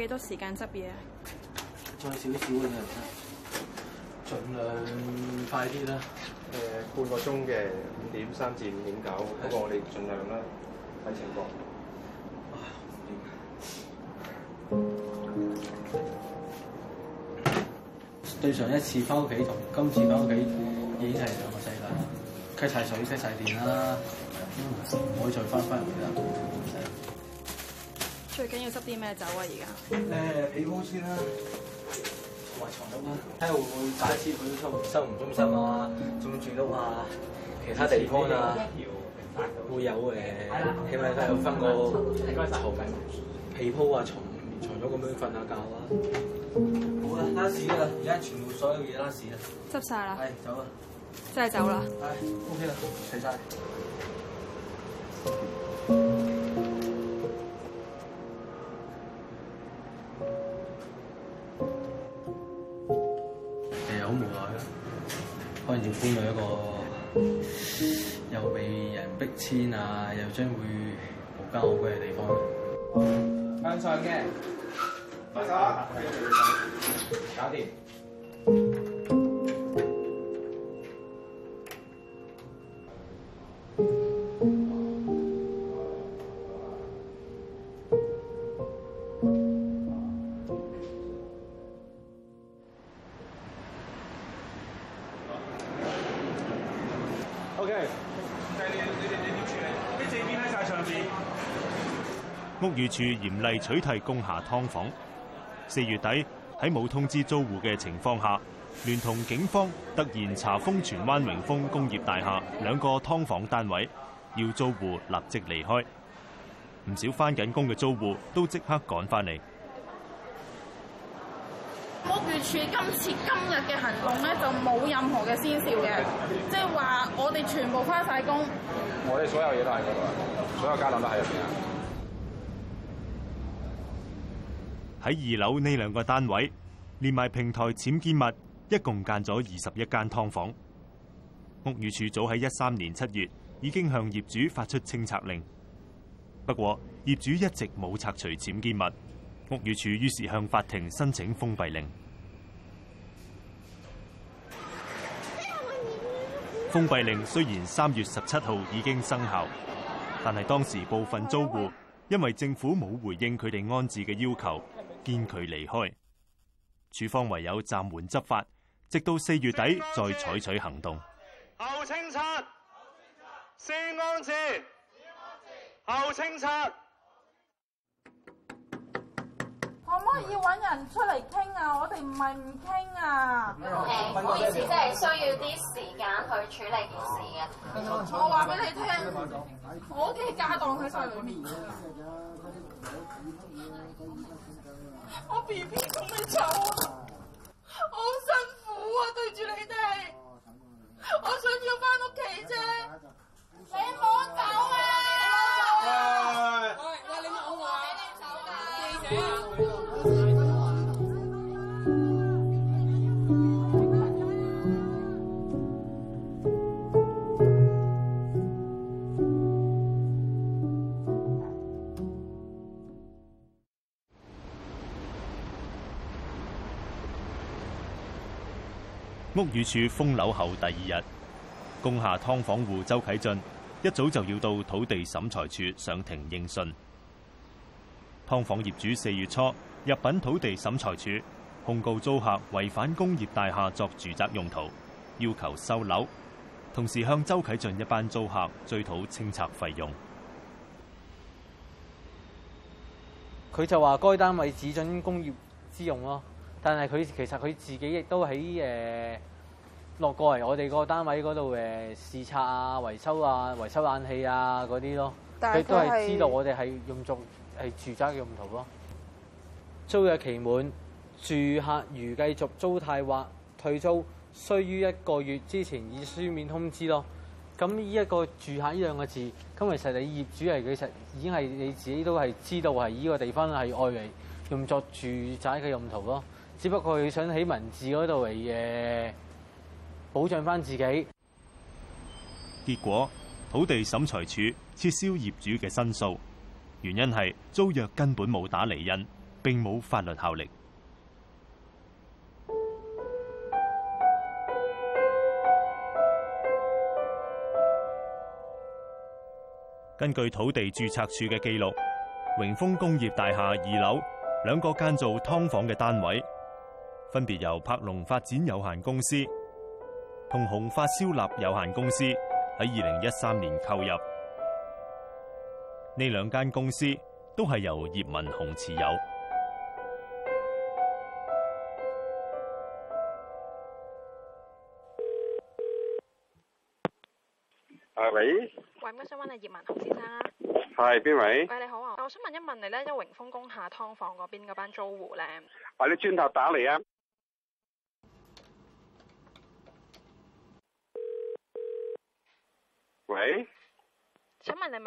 幾多時間執嘢？再少少嘅，盡量快啲啦。誒、呃，半個鐘嘅五點三至五點九，不過我哋盡量啦，睇情況。對上一次翻屋企同今次翻屋企已經係兩個世界，揩曬水、揩曬電啦，唔、嗯、可以再翻翻入嚟啦。最緊要執啲咩走啊？而家誒被鋪先啦，同埋床單啦，睇下會唔會一次去收生活中心啊？仲住到啊，其他地方啊，的會有誒，起碼都有分個牀被、被鋪、嗯嗯、啊、床牀單咁樣瞓下覺啊。好啦、啊，拉屎啦，而家全部所有嘢拉屎啦，執晒啦，係、哎、走啦，真係走啦，係、哎、OK 啦，退、哦、晒！將會無家可歸嘅地方。向上嘅，快手，搞掂。屋宇署嚴厲取締工廈劏房。四月底喺冇通知租戶嘅情況下，聯同警方突然查封荃灣榮豐工業大廈兩個劏房單位，要租戶立即離開。唔少返緊工嘅租戶都即刻趕返嚟。屋宇署今次今日嘅行動咧，就冇任何嘅先兆嘅，即係話我哋全部返晒工。我哋所有嘢都喺嗰度，所有家俬都喺入邊啊。喺二樓呢兩個單位，連埋平台僭建物，一共間咗二十一間劏房。屋宇署早喺一三年七月已經向業主發出清拆令，不過業主一直冇拆除僭建物，屋宇署於是向法庭申請封閉令。封閉令雖然三月十七號已經生效，但係當時部分租戶因為政府冇回應佢哋安置嘅要求，堅拒離開，署方唯有暫緩執法，直到四月底再採取行動。後清拆，先安置，後清拆。可唔可以揾人出嚟傾啊？我哋唔係唔傾啊。誒，唔好意思，真係需要啲時間去處理件事。我話俾你聽，我嘅家當喺晒裏面我 B B 咁鬼醜啊！好辛苦啊，對住你哋，我想，我想要翻屋企啫，你唔好走啊！喂、唔好、啊、走啊！係，我哋冇屋宇署封樓後第二日，工廈劏房戶周啟俊一早就要到土地審裁處上庭應訊。劏房業主四月初入禀土地審裁處，控告租客違反工業大廈作住宅用途，要求收樓，同時向周啟俊一班租客追討清拆費用。佢就話：該單位只准工業之用咯，但係佢其實佢自己亦都喺誒。呃落過嚟我哋個單位嗰度，誒視察啊、維修啊、維修冷氣啊嗰啲咯，佢都係知道我哋係用作係住宅嘅用途咯。租約期滿，住客如繼續租貸或退租，需於一個月之前以書面通知咯。咁呢一個住客呢兩個字，咁其實你業主係其實已經係你自己都係知道係依個地方係用作住宅嘅用途咯。只不過佢想喺文字嗰度嚟嘅。呃保障翻自己。結果，土地審裁處撤銷業主嘅申訴，原因係租約根本冇打釐印，並冇法律效力。根據土地註冊處嘅記錄，榮豐工業大廈二樓兩個間做劏房嘅單位，分別由柏龍發展有限公司，同紅發燒臘有限公司喺二零一三年購入，呢兩間公司都係由葉文雄持有。係咪？喂，唔該，想問下葉文雄先生啊。係邊位？喂，你好啊，但係我想問一問你咧，喺榮豐工廈劏房嗰邊嗰班租戶咧。喂，你轉頭打嚟啊！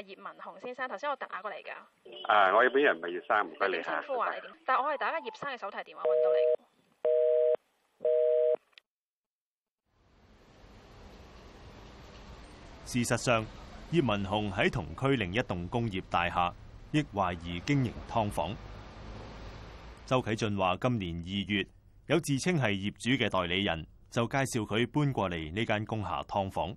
葉文雄先生，頭先我打過嚟噶。啊，我一般人唔係葉生，唔該你啊。你，但係我係打喺葉生嘅手提電話揾到你。事實上，葉文雄喺同區另一棟工業大廈，亦懷疑經營劏房。周啟俊話：今年二月，有自稱係業主嘅代理人，就介紹佢搬過嚟呢間工廈劏房。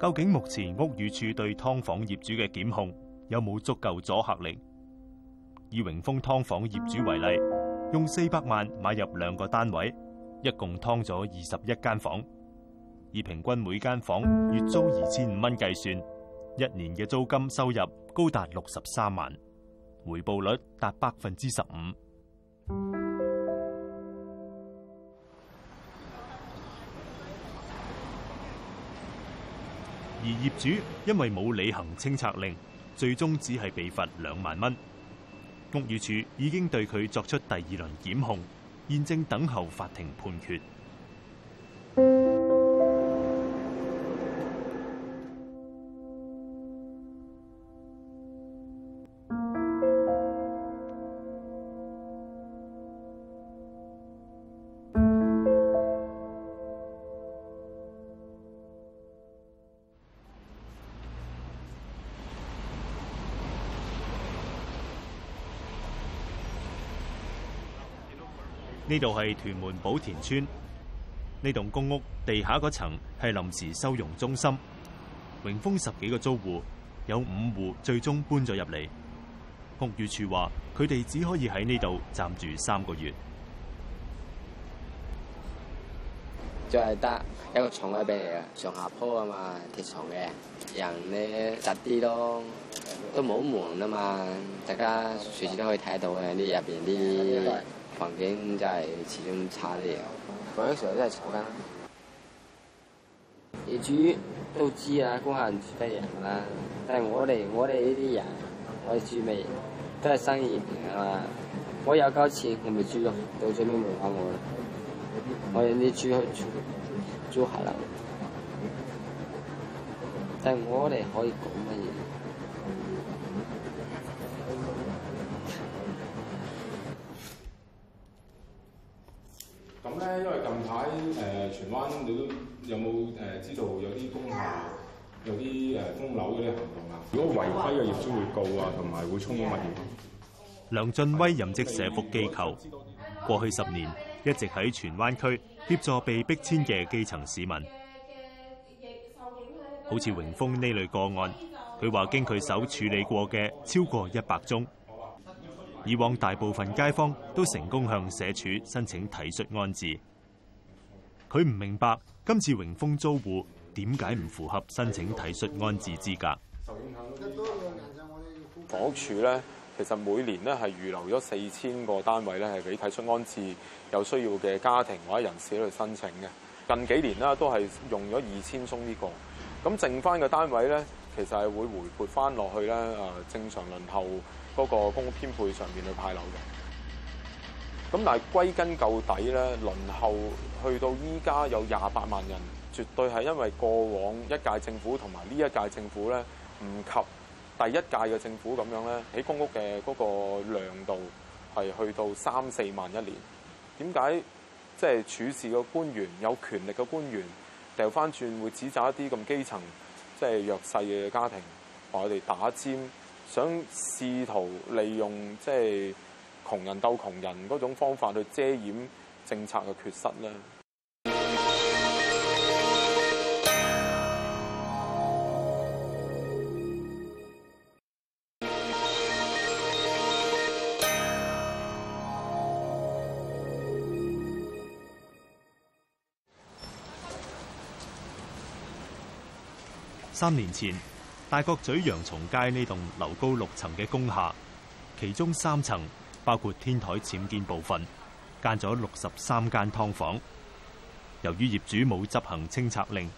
究竟目前屋宇署對劏房業主嘅檢控有冇足夠阻嚇力？以榮豐劏房業主為例，用四百萬買入兩個單位，一共劏咗二十一間房，以平均每間房月租二千五蚊計算，一年嘅租金收入高達六十三萬，回報率達百分之十五。而業主因為冇履行清拆令，最終只係被罰兩萬蚊。屋宇署已經對佢作出第二輪檢控，現正等候法庭判決。呢度係屯門寶田村呢棟公屋地下嗰層係臨時收容中心，榮豐十幾個租戶有五戶最終搬咗入嚟。屋宇署話佢哋只可以喺呢度暫住三個月。就係得一個床位俾你啊，上下鋪啊嘛，鐵床嘅人呢，窄啲咯，都冇門啊嘛，大家隨時都可以睇到嘅呢入邊啲。環境真係始終差啲啊！嗰啲時候都係坐緊。業主都知啊，工人住得人啦。但係我哋我哋呢啲人我哋住咩都係生意人啊。我有交錢，我咪住咯。到最尾冇搞我啦。我哋啲住去住租客啦。但係我哋可以講乜嘢？灣你都有冇誒知道有啲工廈有啲誒封樓嘅行動啊？如果違規嘅業主會告啊，同埋會充公物業。梁俊威任職社福機構，過去十年一直喺荃灣區協助被逼遷嘅基層市民。好似榮豐呢類個案，佢話經佢手處理過嘅超過一百宗。以往大部分街坊都成功向社署申請體恤安置。佢唔明白今次榮豐租戶點解唔符合申請體恤安置資格？房屋署咧，其實每年咧係預留咗四千個單位咧，係俾體恤安置有需要嘅家庭或者人士去申請嘅。近幾年啦，都係用咗二千宗呢、這個，咁剩翻嘅單位咧，其實係會回撥翻落去咧誒正常輪候嗰個公屋編配上面去派樓嘅。咁但係歸根究底咧，輪候去到依家有廿八萬人，絕對係因為過往一屆政府同埋呢一屆政府咧，唔及第一屆嘅政府咁樣咧，起公屋嘅嗰個量度係去到三四萬一年。點解即係處事嘅官員、有權力嘅官員掉翻轉會指責一啲咁基層即係、就是、弱勢嘅家庭，話，佢哋打尖，想試圖利用即係？就是窮人鬥窮人嗰種方法去遮掩政策嘅缺失呢。三年前，大角咀洋松街呢棟樓高六層嘅工廈，其中三層，包括天台僭建部分，了間咗六十三間劏房。由於業主冇執行清拆令，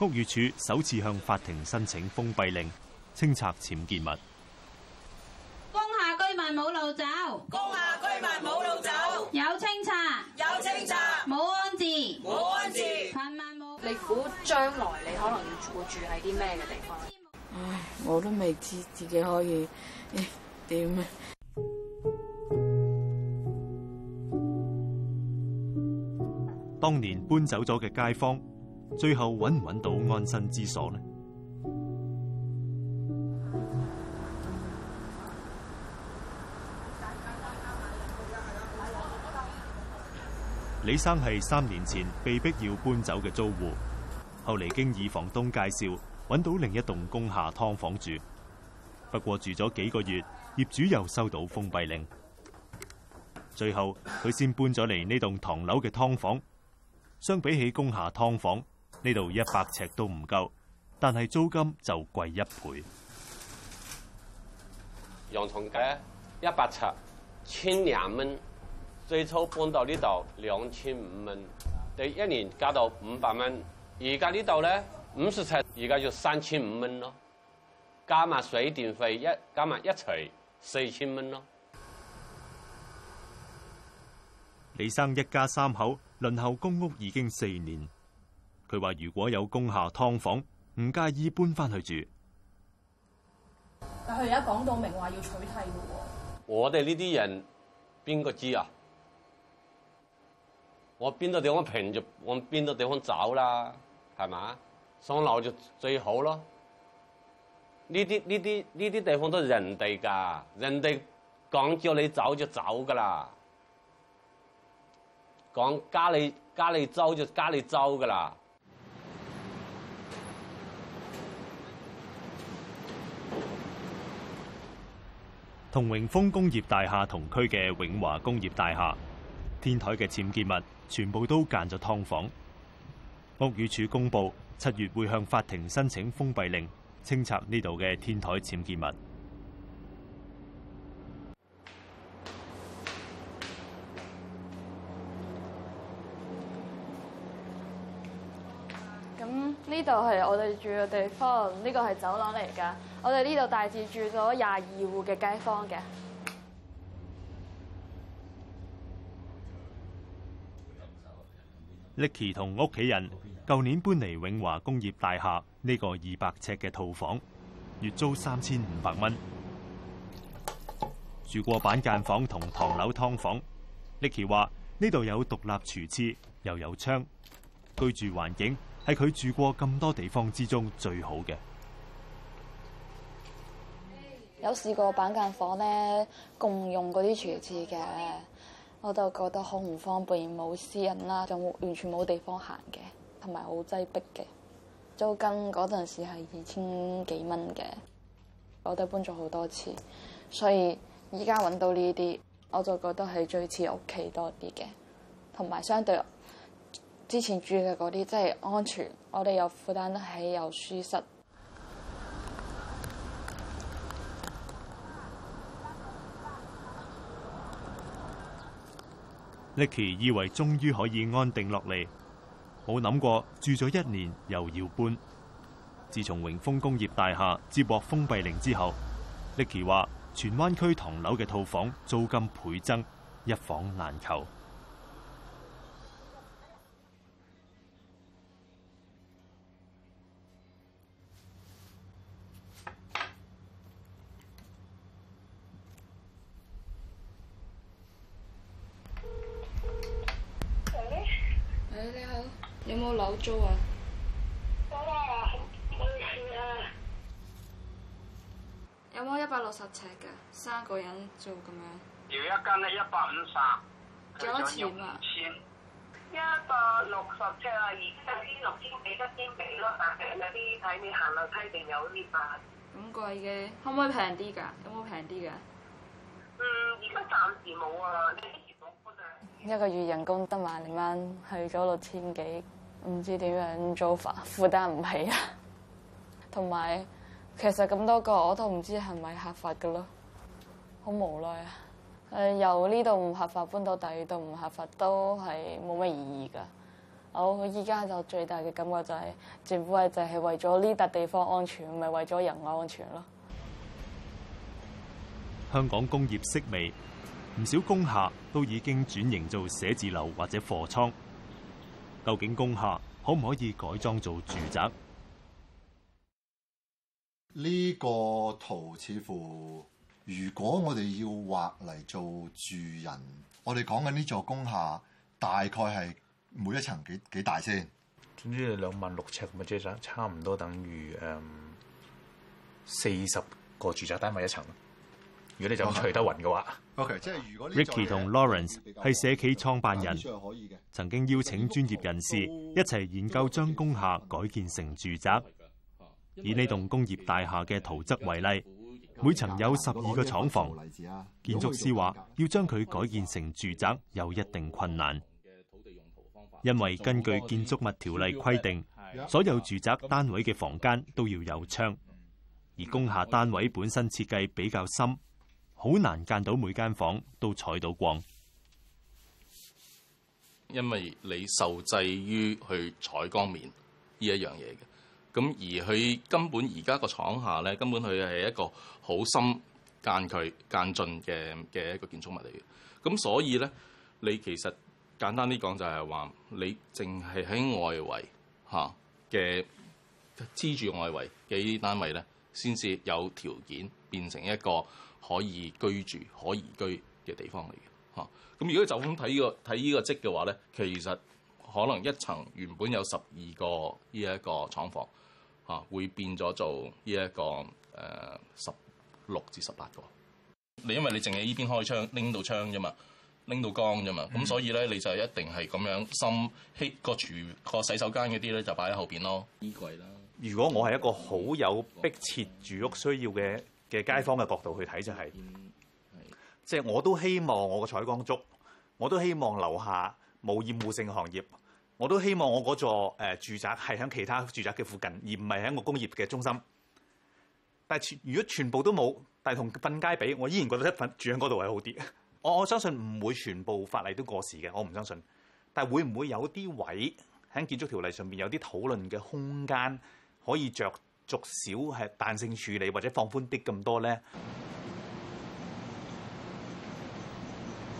屋宇署首次向法庭申請封閉令，清拆僭建物。工廈居民冇路走，工廈居民冇路走。路走有清拆，有清拆。冇安置，冇安置。你估冇。力府將來你可能要會住喺啲咩嘅地方？唉，我都未知自己可以點啊！怎麼當年搬走咗嘅街坊，最後揾唔揾到安身之所呢？李生係三年前被逼要搬走嘅租戶，後嚟經二房東介紹，揾到另一棟工廈㓥房住。不過住咗幾個月，業主又收到封閉令，最後佢先搬咗嚟呢棟唐樓嘅㓥房。相比起工廈劏房，呢度一百尺都唔夠，但係租金就貴一倍。洋松街一百尺千兩蚊，最初搬到呢度兩千五蚊，第一年加到五百蚊，而家呢度咧五十尺，而家就三千五蚊咯。加埋水電費一加埋一齊四千蚊咯。李生一家三口。輪候公屋已經四年，佢話如果有工廈㓥房，唔介意搬翻去住。但佢而家講到明話要取締嘅，我哋呢啲人邊個知啊？我邊度地方平就往邊度地方走啦，係嘛？上樓就最好咯。呢啲呢啲呢啲地方都係人哋噶，人哋講叫你走就走噶啦。講加利加利洲就加利州噶啦，同榮豐工業大廈同區嘅永華工業大廈天台嘅僭建物全部都間咗劏房。屋宇署公布七月會向法庭申請封閉令，清拆呢度嘅天台僭建物。呢度係我哋住嘅地方，呢個係走廊嚟噶。我哋呢度大致住咗廿二戶嘅街坊嘅。力奇同屋企人舊年搬嚟永華工業大廈呢個二百尺嘅套房，月租三千五百蚊。住過板間房同唐樓劏房，力奇話呢度有獨立廚廁，又有窗，居住環境，係佢住過咁多地方之中最好嘅。有試過板間房咧，共用嗰啲廚廁嘅，我就覺得好唔方便，冇私隱啦，就冇完全冇地方行嘅，同埋好擠逼嘅。租金嗰陣時係二千幾蚊嘅，我都搬咗好多次，所以依家搵到呢啲，我就覺得係最似屋企多啲嘅，同埋相對。之前住嘅嗰啲真係安全，我哋又負擔得起，又舒適。Nicky 以為終於可以安定落嚟，冇諗過住咗一年又要搬。自從榮豐工業大廈接獲封閉令之後，Nicky 話荃灣區唐樓嘅套房租金倍增，一房難求。租啊！好啊，唔好意思啊。有冇一百六十尺嘅，三個人租咁樣？要一間咧一百五十，幾多錢啊？一百六十尺啊！而家啲六千幾，一千幾咯，但係啲睇你行樓梯定有呢慢。咁貴嘅，可唔可以平啲噶？有冇平啲噶？嗯，而家暫時冇啊。你之前攞翻啊？一個月人工得萬零蚊，去咗六千幾。唔知點樣做法，負擔唔起啦。同埋，其實咁多個我都唔知係咪合法嘅咯，好無奈啊！誒，由呢度唔合法搬到第二度唔合法，都係冇乜意義噶。我依家就最大嘅感覺就係政府係就係為咗呢笪地方安全，唔係為咗人安全咯。香港工業式微，唔少工廈都已經轉型做寫字樓或者貨倉。究竟工廈可唔可以改裝做住宅？呢個圖似乎，如果我哋要畫嚟做住人，我哋講緊呢座工廈，大概係每一層幾幾大先？總之兩萬六尺咁啊，即係差唔多等於誒四十個住宅單位一層。如果你就吹得雲嘅話，OK，話，Ricky 同 Lawrence 係社企創辦人，曾經邀請專業人士一齊研究將工廈改建成住宅。以呢棟工業大廈嘅圖則為例，每層有十二個廠房。建築師話要將佢改建成住宅有一定困難，因為根據建築物條例規定，所有住宅單位嘅房間都要有窗，而工廈單位本身設計比較深。好難間到每間房都採到光，因為你受制於去採光面呢一樣嘢嘅。咁而佢根本而家個廠下咧，根本佢係一個好深間距間進嘅嘅一個建築物嚟嘅。咁所以咧，你其實簡單啲講就係話，你淨係喺外圍吓嘅黐住外圍嘅呢啲單位咧，先至有條件變成一個。可以居住可以移居嘅地方嚟嘅嚇，咁、嗯、如果就咁睇呢個睇呢個積嘅話咧，其實可能一層原本有十二個呢一個廠房嚇、嗯，會變咗做呢一個誒十六至十八個。你、呃、因為你淨係呢邊開窗拎到窗啫嘛，拎到光啫嘛，咁、嗯、所以咧你就一定係咁樣深希個廚個洗手間嗰啲咧就擺喺後邊咯，衣櫃啦。如果我係一個好有迫切住屋需要嘅。嘅街坊嘅角度去睇就係、是，嗯、是即係我都希望我個採光足，我都希望樓下冇厭惡性行業，我都希望我嗰座誒、呃、住宅係響其他住宅嘅附近，而唔係喺個工業嘅中心。但係如果全部都冇，但係同瞓街比，我依然覺得瞓住喺嗰度係好啲。我我相信唔會全部法例都過時嘅，我唔相信。但係會唔會有啲位喺建築條例上面有啲討論嘅空間可以着。逐少係彈性處理或者放寬啲咁多咧，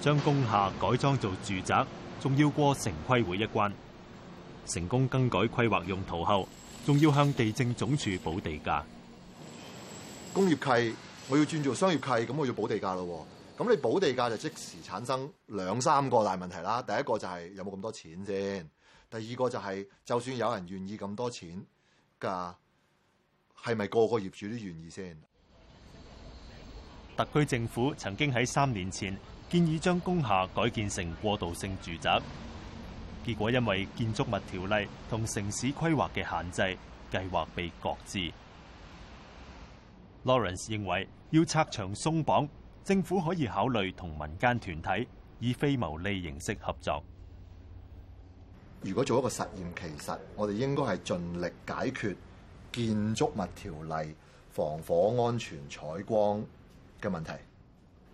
將工廈改裝做住宅，仲要過城規會一關。成功更改規劃用途後，仲要向地政總署補地價。工業契我要轉做商業契，咁我要補地價咯。咁你補地價就即時產生兩三個大問題啦。第一個就係有冇咁多錢先，第二個就係、是、就算有人願意咁多錢㗎。係咪個個業主都願意先？特區政府曾經喺三年前建議將工廈改建成過渡性住宅，結果因為建築物條例同城市規劃嘅限制，計劃被擱置。Lawrence 認為要拆牆鬆綁，政府可以考慮同民間團體以非牟利形式合作。如果做一個實驗，其實我哋應該係盡力解決，建築物條例、防火安全、採光嘅問題，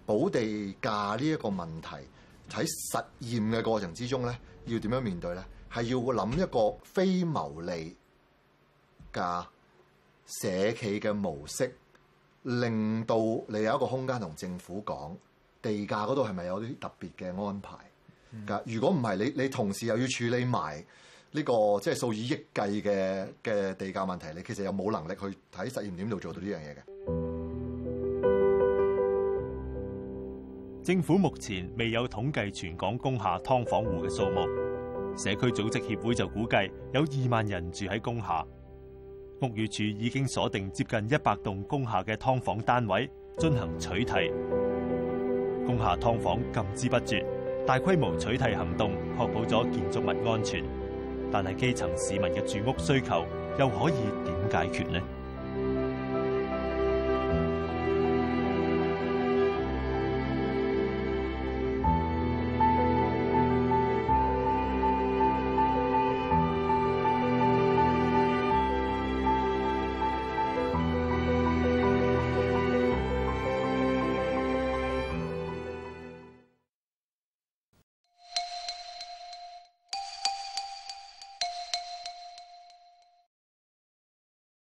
補地價呢一個問題喺實驗嘅過程之中咧，要點樣面對咧？係要諗一個非牟利嘅社企嘅模式，令到你有一個空間同政府講地價嗰度係咪有啲特別嘅安排？噶、嗯，如果唔係，你你同時又要處理埋。呢、這個即係數以億計嘅嘅地價問題，你其實有冇能力去睇實驗點度做到呢樣嘢嘅。政府目前未有統計全港工廈劏房戶嘅數目，社區組織協會就估計有二萬人住喺工廈。屋宇署已經鎖定接近一百棟工廈嘅劏房單位進行取締，工廈劏房禁之不絕，大規模取締行動確保咗建築物安全。但係基層市民嘅住屋需求又可以點解決呢？